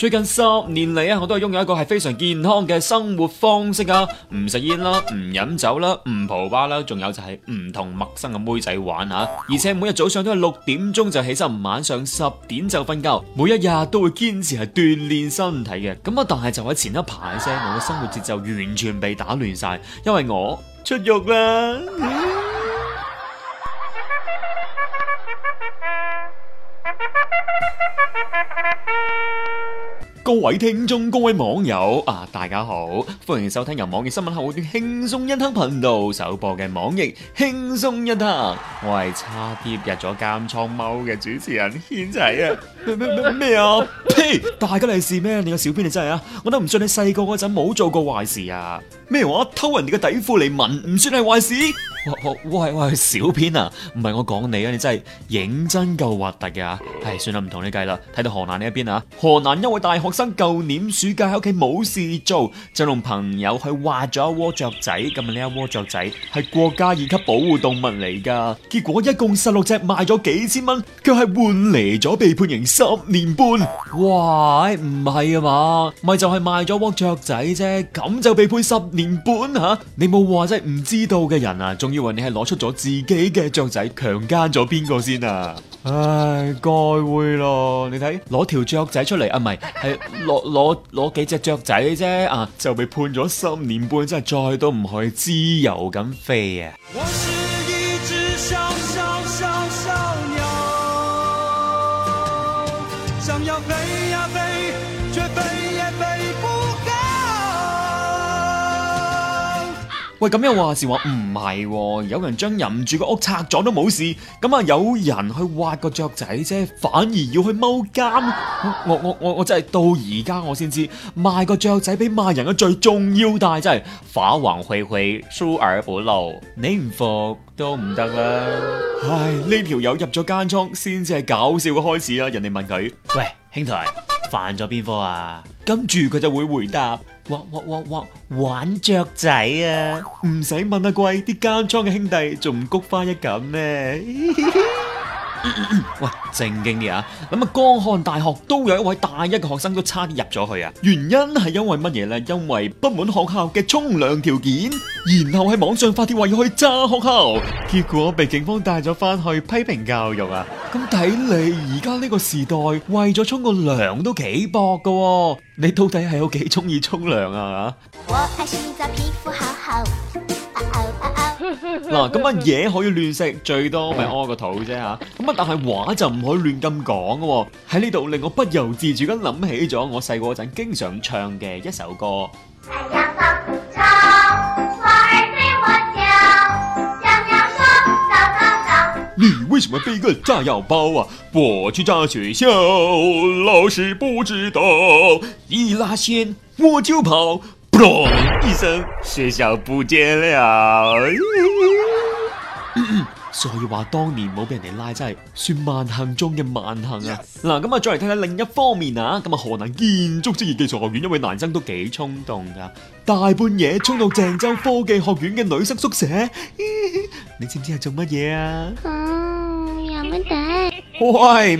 最近十年嚟啊，我都係擁有一個係非常健康嘅生活方式啊，唔食煙啦，唔飲酒啦，唔蒲吧啦，仲有就係唔同陌生嘅妹仔玩啊。而且每日早上都係六點鐘就起身，晚上十點就瞓覺，每一日都會堅持係鍛煉身體嘅。咁啊，但係就喺前一排啫，我嘅生活節奏完全被打亂晒，因為我出獄啦。 各位聽眾、各位網友啊，大家好，歡迎收聽由網易新聞客戶端輕鬆一刻頻道首播嘅網易輕鬆一刻。我係差啲入咗監倉踎嘅主持人軒仔，就是，啊！咩咩咩咩啊！呸，大嘅利是咩？你個小編，你真係啊！我都唔信你細個嗰陣冇做過壞事啊！咩話偷人哋嘅底褲嚟聞唔算係壞事？喂喂，喂，小編啊，唔係我講你啊，你真係認真夠核突嘅吓。係算啦，唔同你計啦。睇到河南呢一邊啊，河南一、啊、一位大學生舊年暑假喺屋企冇事做，就同朋友去挖咗一窩雀仔。咁日呢一窩雀仔係國家二級保護動物嚟噶。結果一共十六隻賣咗幾千蚊，佢係換嚟咗被判刑十年半。哇！唔係啊嘛，咪就係賣咗窩雀仔啫，咁就被判十年。年半嚇、啊，你冇話即係唔知道嘅人啊，仲以為你係攞出咗自己嘅雀仔強姦咗邊個先啊？唉，該會咯，你睇攞條雀仔出嚟啊，唔係係攞攞攞幾隻雀仔啫啊，就被判咗三年半，真係再都唔可以自由咁飛啊！喂，咁又話時話唔係、哦，有人將人住個屋拆咗都冇事，咁啊有人去挖個雀仔啫，反而要去踎監。我我我我，我真係到而家我先知賣個雀仔比賣人嘅罪仲要大，就是，但真係法網恢恢疏而不漏，你唔服都唔得啦。唉，呢條友入咗間倉先至係搞笑嘅開始啊！人哋問佢：，喂，兄台犯咗邊科啊？跟住佢就會回答。哇哇哇哇，玩雀仔啊！唔使問阿貴，啲監倉嘅兄弟仲唔菊花一緊咩？ 喂，正經啲啊！咁啊，江漢大學都有一位大一嘅學生都差啲入咗去啊，原因係因為乜嘢呢？因為不滿學校嘅沖涼條件，然後喺網上發帖話要去炸學校，結果被警方帶咗翻去批評教育啊！咁睇你而家呢個時代，為咗沖個涼都幾薄噶，啊，你到底係有幾中意沖涼啊？我嗱，咁啊嘢可以亂食，最多咪屙個肚啫吓。咁啊，但係話就唔可以亂咁講噶喎。喺呢度令我不由自主咁諗起咗我細個嗰陣經常唱嘅一首歌。太陽當空照，花兒對我笑，小鳥說早早早。走走走，你為什麼背個炸藥包啊？我去炸學校，老師不知道，一拉線我就跑。哦、醫生，學校不見了， 所以話當年冇俾人哋拉真係算萬幸中嘅萬幸啊！嗱、 啊，咁、嗯、啊再嚟睇睇另一方面啊，咁啊河南建築職業技術學院，一位男生都幾衝動㗎，大半夜衝到鄭州科技學院嘅女生宿舍， 你知唔知係做乜嘢啊？有乜嘢？喂，唔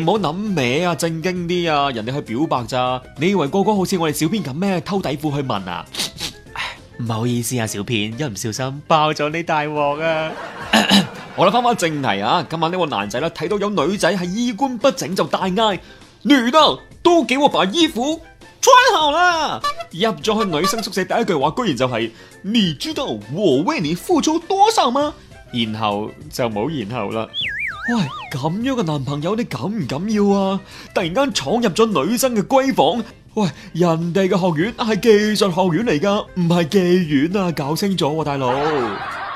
好諗歪啊，正經啲啊，人哋去表白咋？你以為哥哥好似我哋小編咁咩？偷底褲去問啊？唔好意思啊，小編，一唔小心爆咗呢大鑊啊！我哋翻翻正題啊，今晚呢個男仔咧睇到有女仔係衣冠不整就大嗌，女 的都給我把衣服穿好啦！入咗去女生宿舍第一句話居然就係、是、你知道我為你付出多少嗎？然後就冇然後啦。喂，咁樣嘅男朋友你敢唔敢要啊？突然間闖入咗女生嘅閨房，喂，人哋嘅學院係技術學院嚟噶，唔係妓院啊，搞清楚喎，啊，大佬！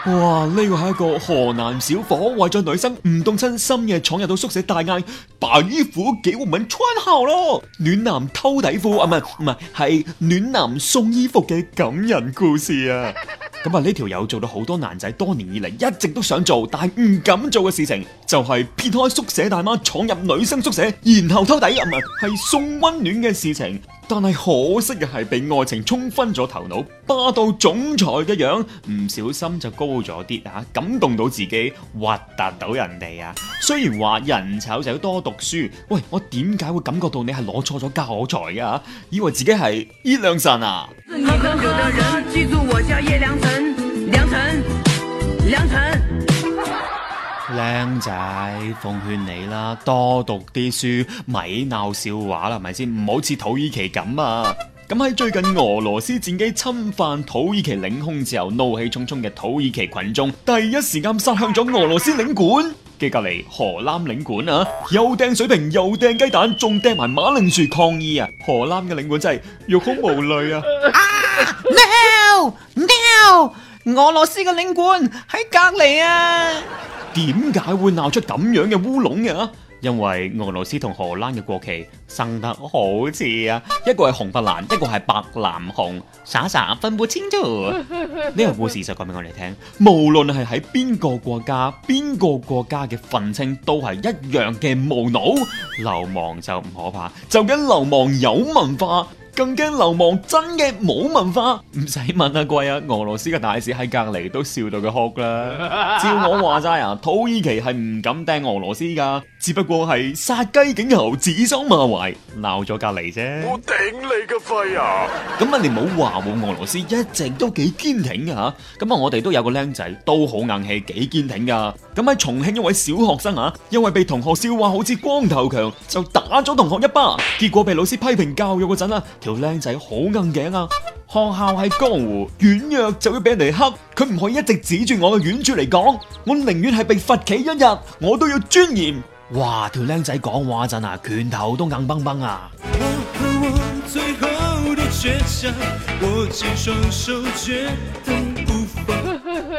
哇，呢個係一個河南小伙為咗女生唔凍親深夜闖入到宿舍大嗌，把衣服幾乎唔肯穿下咯，暖男偷底褲啊，唔係唔係，係暖男送衣服嘅感人故事啊！咁啊！呢條友做到好多男仔多年以嚟一直都想做，但係唔敢做嘅事情，就係撇開宿舍大媽，闖入女生宿舍，然後偷底入啊，係送溫暖嘅事情。但係可惜嘅係被愛情沖昏咗頭腦，霸道總裁嘅樣，唔小心就高咗啲吓，感動到自己，核突到人哋啊！雖然話人醜就要多讀書，喂，我點解會感覺到你係攞錯咗教材噶？以為自己係伊涼神啊？喝酒的人，記住我叫葉良辰，良辰，良辰。靚仔奉勸你啦，多讀啲書，咪鬧笑話啦，係咪先？唔好似土耳其咁啊！咁喺最近俄羅斯戰機侵犯土耳其領空之後，怒氣沖沖嘅土耳其群眾第一時間殺向咗俄羅斯領館。隔籬荷蘭領館啊，又掟水瓶，又掟雞蛋，仲掟埋馬鈴薯抗議啊！荷蘭嘅領館真係欲哭無淚啊！啊，no no，俄羅斯嘅領館喺隔籬啊！點解會鬧出咁樣嘅烏龍啊？因為俄羅斯同荷蘭嘅國旗生得好似啊，一個係紅白藍，一個係白藍紅，傻傻分不清啫。呢、這個故事就講俾我哋聽，無論係喺邊個國家，邊個國家嘅憤青都係一樣嘅無腦。流氓就唔可怕，就驚流氓有文化。更驚流氓真嘅冇文化，唔使問阿貴啊，俄羅斯嘅大使喺隔籬都笑到佢哭啦。 照我話齋啊，土耳其係唔敢掟俄羅斯噶，只不過係殺雞儆猴，指桑罵槐，鬧咗隔籬啫。我頂你個肺啊！咁啊，你冇話冇俄羅斯一直都幾堅挺嘅吓。咁啊，我哋都有個靚仔，都好硬氣，幾堅挺噶。咁喺重慶一位小學生啊，因為被同學笑話好似光頭強，就打咗同學一巴，結果被老師批評教育嗰陣啊，條靚仔好硬頸啊！學校係江湖，軟弱就要俾人哋黑，佢唔可以一直指住我嘅軟處嚟講，我寧願係被罰企一日，我都要尊嚴！哇，條靚仔講話嗰陣啊，拳頭都硬崩崩啊！我我，我最後的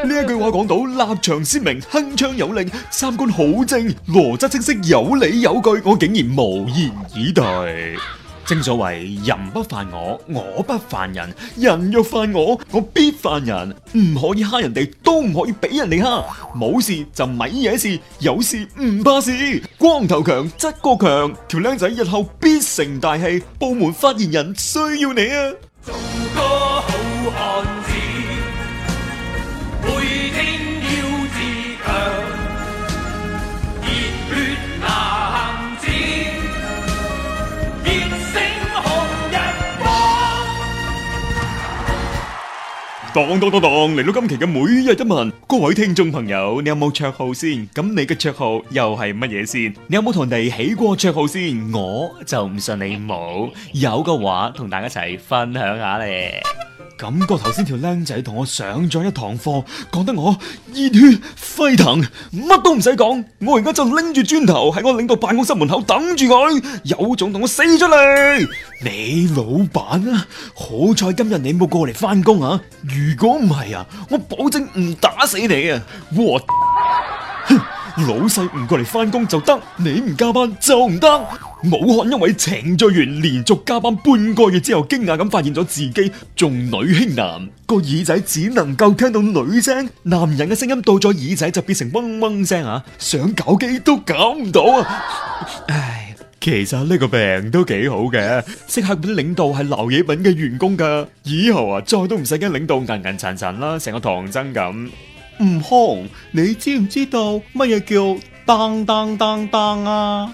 呢一句話講到立場鮮明、鏗鏘有力、三觀好正、邏輯清晰、有理有據，我竟然無言以對。 正所謂人不犯我，我不犯人；人若犯我，我必犯人。唔可以蝦人哋，都唔可以俾人哋蝦。冇事就咪惹事，有事唔怕事。光頭強，質過強，條僆仔日後必成大器。部門發言人需要你啊！做當當當當，嚟到今期嘅每日一問，各位聽眾朋友，你有冇綽號先？咁你嘅綽號又係乜嘢先？你有冇同人哋起過綽號先？我就唔信你冇，有嘅話同大家一齊分享下咧。感覺頭先條僆仔同我上咗一堂課，講得我熱血沸騰，乜都唔使講，我而家就拎住磚頭喺我領導辦公室門口等住佢，有種同我死出嚟！ 你老闆啊，好彩今日你冇過嚟翻工啊，如果唔係啊，我保證唔打死你啊！我，哼， 老細唔過嚟翻工就得，你唔加班就唔得。武漢一位程序員連續加班半個月之後，驚訝咁發現咗自己重女輕男，個耳仔只能夠聽到女聲，男人嘅聲音到咗耳仔就變成嗡嗡聲啊！想搞基都搞唔到啊！唉，其實呢個病都幾好嘅，適合嗰啲領導係流嘢品嘅員工㗎，以後啊再都唔使跟領導噏噏沉沉啦，成個唐僧咁。悟空，你知唔知道乜嘢叫當當當當啊？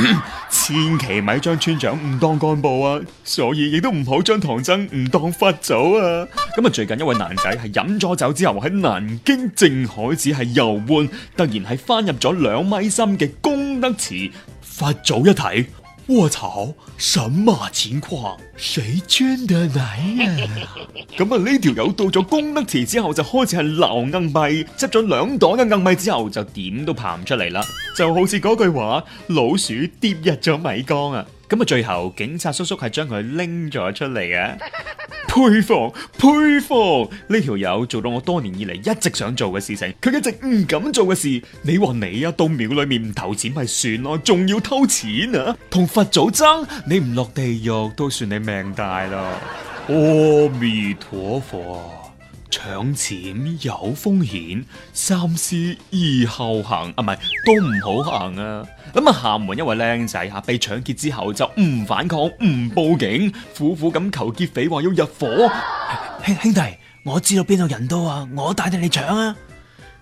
千祈咪將村長唔當幹部啊，所以亦都唔好將唐僧唔當佛祖啊。咁啊，最近一位男仔係飲咗酒之後喺南京靜海寺係遊玩，突然係翻入咗兩米深嘅功德池，佛祖一睇。我操，什麼情況？誰捐的米啊？咁啊， 呢條友到咗功德池之後就開始係撈硬幣，執咗兩袋嘅硬幣之後就點都爬唔出嚟啦，就好似嗰句話，老鼠跌入咗米缸啊！咁啊，最後警察叔叔係將佢拎咗出嚟嘅，啊。 佩服佩服，呢條友做到我多年以嚟一直想做嘅事情，佢一直唔敢做嘅事。你話你啊，到廟裏面唔投錢咪算咯，仲要偷錢啊，同佛祖爭，你唔落地獄都算你命大啦。阿彌陀佛。搶錢有風險，三思而後行，啊，唔係都唔好行啊！咁啊，廈門一位靚仔吓，被搶劫之後就唔反抗，唔報警，苦苦咁求劫匪話要入伙，兄兄弟，我知道邊度人多啊，我帶你嚟搶啊！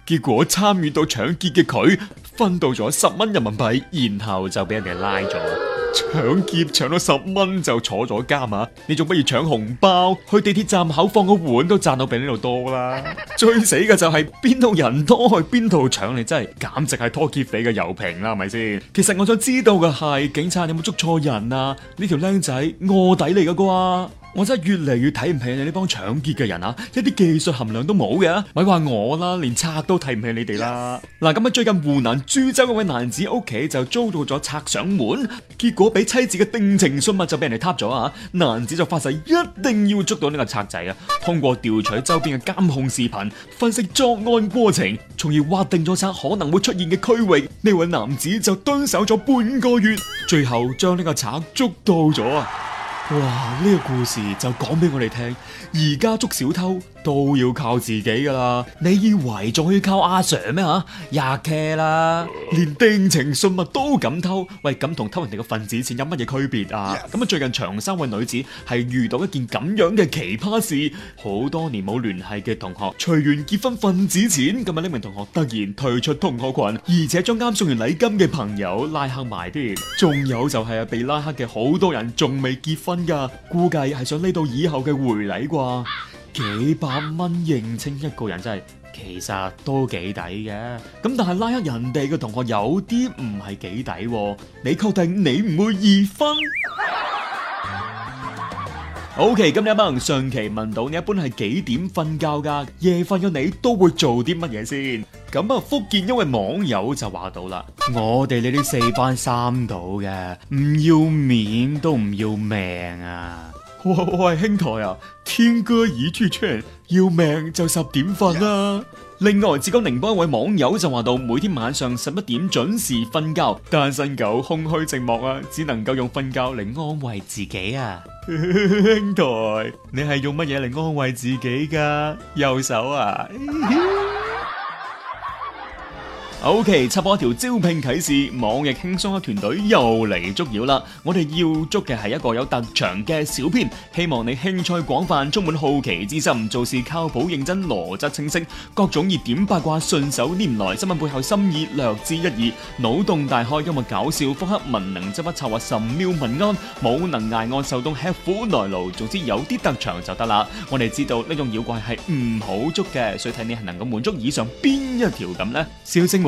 結果參與到搶劫嘅佢分到咗十蚊人民幣，然後就俾人哋拉咗。搶劫搶咗十蚊就坐咗監啊！你仲不如搶紅包，去地鐵站口放個碗都賺到比呢度多啦！ 最死嘅就係邊度人多去邊度搶，你真係簡直係拖劫匪嘅油瓶啦，係咪先？其實我想知道嘅係，警察有冇捉錯人啊？呢條僆仔臥底嚟㗎啩。我真係越嚟越睇唔起你呢幫搶劫嘅人啊！一啲技術含量都冇嘅，啊，咪話我啦，連賊都睇唔起你哋啦！嗱，咁啊，最近湖南株洲一位男子屋企就遭到咗賊上門，結果俾妻子嘅定情信物就俾人哋撻咗啊！男子就發誓一定要捉到呢個賊仔啊！通過調取周邊嘅監控視頻，分析作案過程，從而劃定咗賊可能會出現嘅區域。呢位男子就蹲守咗半個月，最後將呢個賊捉到咗啊！哇！呢個故事就講俾我哋聽，而家捉小偷，都要靠自己噶啦！你以為仲可以靠阿 Sir 咩啊？呀茄啦，連定情信物都敢偷，喂，咁同偷人哋嘅份子錢有乜嘢區別啊？咁啊 Yes.、嗯，最近長沙位女子係遇到一件咁樣嘅奇葩事，好多年冇聯繫嘅同學隨緣結婚份子錢，今日呢名同學突然退出同學群，而且將啱送完禮金嘅朋友拉黑埋添。仲有就係啊，被拉黑嘅好多人仲未結婚噶，估計係想呢到以後嘅回禮啩。幾百蚊認清一個人真係，其實都幾抵嘅。咁但係拉黑人哋嘅同學有啲唔係幾抵，你確定你唔會二婚？O K，今日阿孟上期問到你一般係幾點瞓覺噶？夜瞓咗你都會做啲乜嘢先？咁啊，福建一位網友就話到啦：我哋呢啲四班三到嘅，唔要面都唔要命啊！喂、哦、喂，兄台啊，天哥已出窗，要命就十點瞓啦、啊。Yes. 另外，浙江寧波一位網友就話到，每天晚上十一點準時瞓覺，單身狗空虛寂寞啊，只能夠用瞓覺嚟安慰自己啊。 兄台，你係用乜嘢嚟安慰自己噶？右手啊。 O.K. 插播一條招聘啟示，網易輕鬆嘅團隊又嚟捉妖啦！我哋要捉嘅係一個有特長嘅小編，希望你興趣廣泛，充滿好奇之心，做事靠譜認真，邏輯清晰，各種熱點八卦順手拈來，新聞背後深意略知一二，腦洞大開又冇搞笑，腹黑文能執筆策劃神妙文安，武能挨暗受凍吃苦耐勞，總之有啲特長就得啦！我哋知道呢種妖怪係唔好捉嘅，所以睇你係能夠滿足以上邊一條咁呢，笑聲。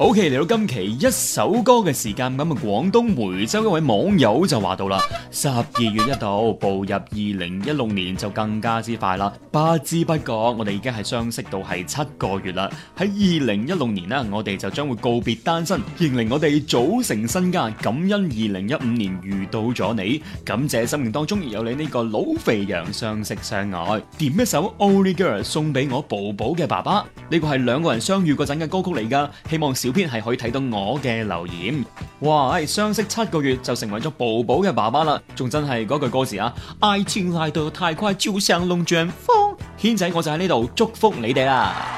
O.K. 嚟到今期一首歌嘅時間，咁、嗯、啊廣東梅州一位網友就話到啦：十二月一號步入二零一六年就更加之快啦，不知不覺我哋已經係相識到係七個月啦。喺二零一六年啦，我哋就將會告別單身，迎嚟我哋組成身家，感恩二零一五年遇到咗你，感謝生命當中有你呢個老肥羊相識相愛，點一首《Only Girl》送俾我寶寶嘅爸爸，呢個係兩個人相遇嗰陣嘅歌曲嚟㗎，希望小編係可以睇到我嘅留言，哇！係相識七個月就成為咗寶寶嘅爸爸啦，仲真係嗰句歌詞啊！愛情來得太快，就像龍捲風，軒仔我就喺呢度祝福你哋啦～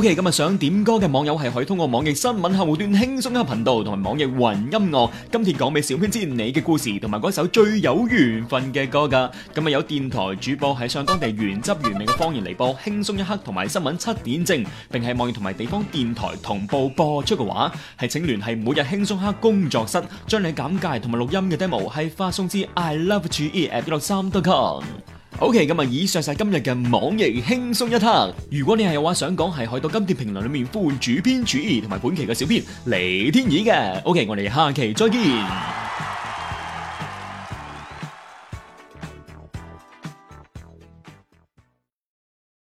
O.K. 今、嗯、日想點歌嘅網友係可以通過網易新聞客戶端輕鬆一刻頻道同埋網易雲音樂，今天講俾小編知你嘅故事同埋嗰首最有緣分嘅歌噶。今、嗯、日有電台主播喺上當地原汁原味嘅方言嚟播輕鬆一刻同埋新聞七點正，並係網易同埋地方電台同步播出嘅話，係請聯繫每日輕鬆一刻工作室，將你簡介同埋錄音嘅 demo 係發送至 i love TO e at 六三 .com。OK，咁啊，以上晒今日嘅網易輕鬆一刻。如果你係有話想講，係可以到今期評論裏面呼喚主編主義同埋本期嘅小編李天意嘅。OK，我哋下期再見。